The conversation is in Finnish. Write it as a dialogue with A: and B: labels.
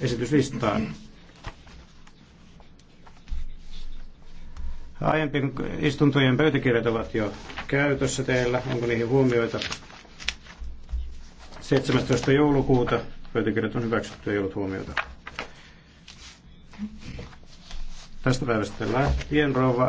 A: esityslistaan. Aiempien istuntojen pöytäkirjat ovat jo käytössä teillä. Onko niihin huomioita? 17. joulukuuta pöytäkirjat on hyväksytty, ei ollut huomioita. Tästä päivästä
B: lähtien rouva